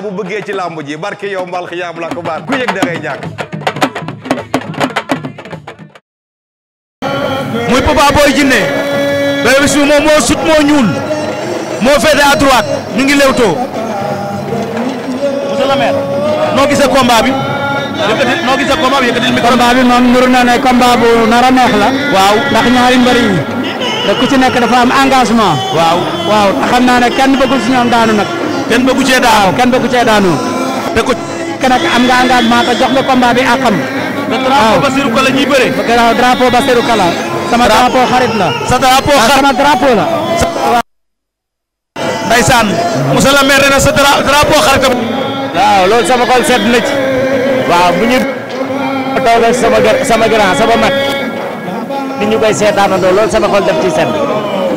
naa bëggee ci làmb ji barke yow mbal xiyaam la ko baar muy Papa Boy Djiné Bébé Bismi moom moo sut moo ñuul moo féete à droite ñu ngi lewtoo monsieur le noo gisee combat bi yëkkatil noo gisee combat bi yëkkatil micro combat moom nuru na ne combat nar a neex la waaw ndax ñaari mbër yi ci nekk dafa am engagement waaw waaw xam naa kenn bëggul si ñoom daanu nag kenn bëggu cee daanu waaw kenn bëggu cee daanu. te ko nag am nga engagement jox nga combat bi ak xam. waaw te drapeau Bassirou Kala ñuy bëre. waaw drapeau ka Kala. sama drapeau xarit la. sa drapeau xarit sama drapeau la. ndeysaan. monsieur le maire nee na sa drapeau xaritam. waaw loolu sama xol sedd na ci. waaw bu ñu. toog ak sama sama sama mag. di ñu koy seetaanandoo loolu sama xol def ci sedd.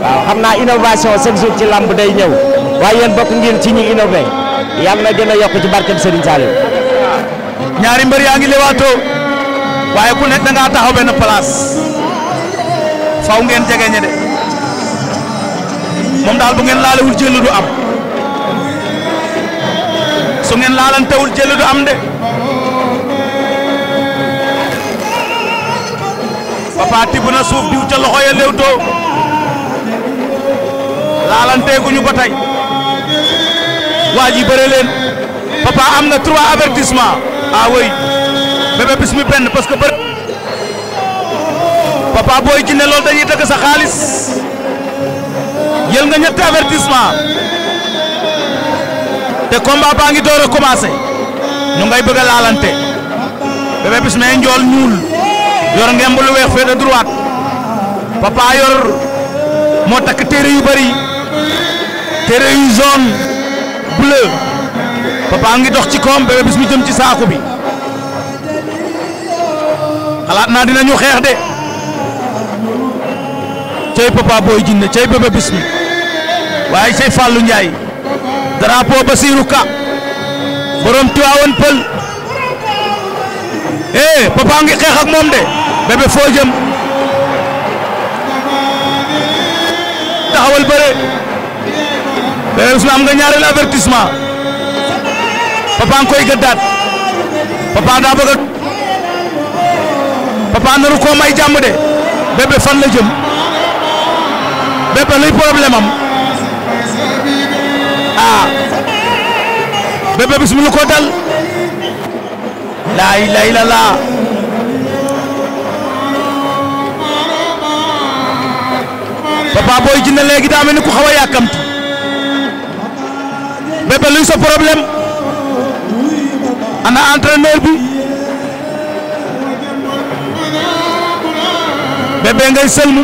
waaw xam naa innovation chaque jour ci day ñëw. waaye yéen bokk ngeen ci ñi innové yàlla na gën a yokk ci barkeem Serigne Saliou. ñaari mbër yaa ngi lewaatoo waaye ku nekk da ngaa taxaw benn place faw ngeen jege ñe de moom daal bu ngeen laalewul jël du am su ngeen laalantewul jël du am de. Papa tibb na suuf diw ca loxo ya léewtoo laalanteeguñu ba tey. waa ji bëre leen papa am na trois avertissement ah oui Bébé Bismi benn parce que bëri papa booy jinne loolu dañuy dëgg sa xaalis jël nga ñetti avertissement te combat baa ngi door a commencé ñu ngay bëgg a laalante Bébé Bismi njool ñuul yor ngemb lu weex fee de droite papa yor moo takk téere yu bëri. tere yu jaune bleu papa ngi dox ci koom Bébé Bismi jëm ci saaku bi xalaat naa dinañu xeex de cey Papa Boy Djiné cey Bébé Bismi waaye cey Fallou Ndiaye drapeau Basirou Ka borom Tiwaawan Pël eh papa ngi xeex ak moom de bébé foo jëm taxawal bëre Bébé Bismi am nga ñaareelu avertissement Papa nga koy gëddaat Papa daa bëgg a Papa ko may jàmm de Bébé fan la jëm Bébé luy problème am ah Bébé Bismi ko dal laa ilaaha illallaah Papa Boy Djiné léegi daa mel ni ku xaw a yàkkamti Bébé luy sa problème na entraîneur bi Bébé ngay sëlmu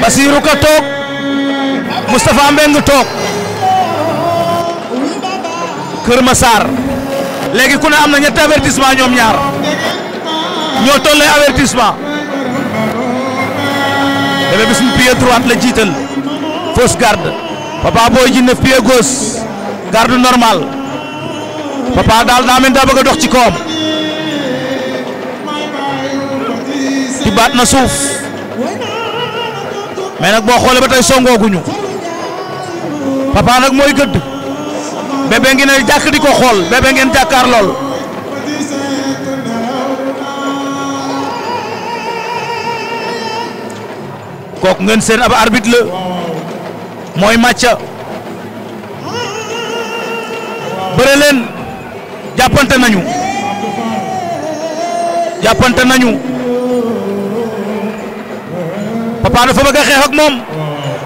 Basirou Ka toog Moustapha Mbengue toog Kër Massar léegi ku ne am na ñetti avertissement ñoom ñaar ñoo tollee avertissement Bébé bis mu pied droite la jiital fausse Papa Boy Djiné pied garde normal Papa daal daa mel daa bëgg a dox ci koom di na suuf mais nag boo xoolee ba tey songooguñu Papa nag mooy gëdd bébé ngi ne jàkk di ko xool bébé ngeen jàkkaar lool kooku ngeen seen ab arbitre mooy màcca bëre leen nañu jàppante nañu papa dafa bëgg a xeex ak moom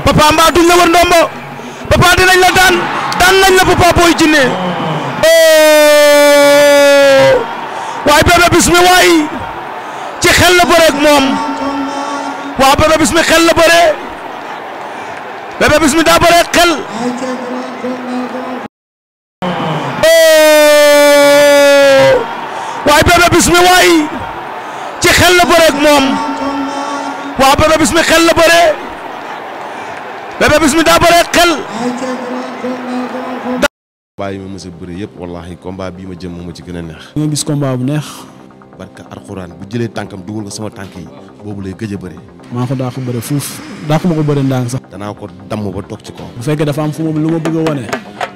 papa mbaa duñ la war ndombo papa dinañ la daan daan nañ la papa booy jinne oh! waaye Bébé Bismi waay ci xel la bëre ak moom waaw Bébé Bismi xel la bëre Bébé Bismi daa bëre xel oh! waaye Bébé Bismi waay ci xel la bëre ak moom waaw Bébé Bismi xel la bëre Bébé Bismi daa bëre xel combat yi ma mës a bëri yëpp wallaahi combat bii ma jëm moo ma ci gën a neex. di nga gis combat bu neex. barka alxuraan bu jëlee tànkam dugal ko sama tànk yi. boobu lay gëj a bëri maa ko daa ko bëri fuuf ko ma ko bëri ndànk sax danaa ko damm ba toog ci kaw bu fekkee dafa am fu moom lu ma bëgg a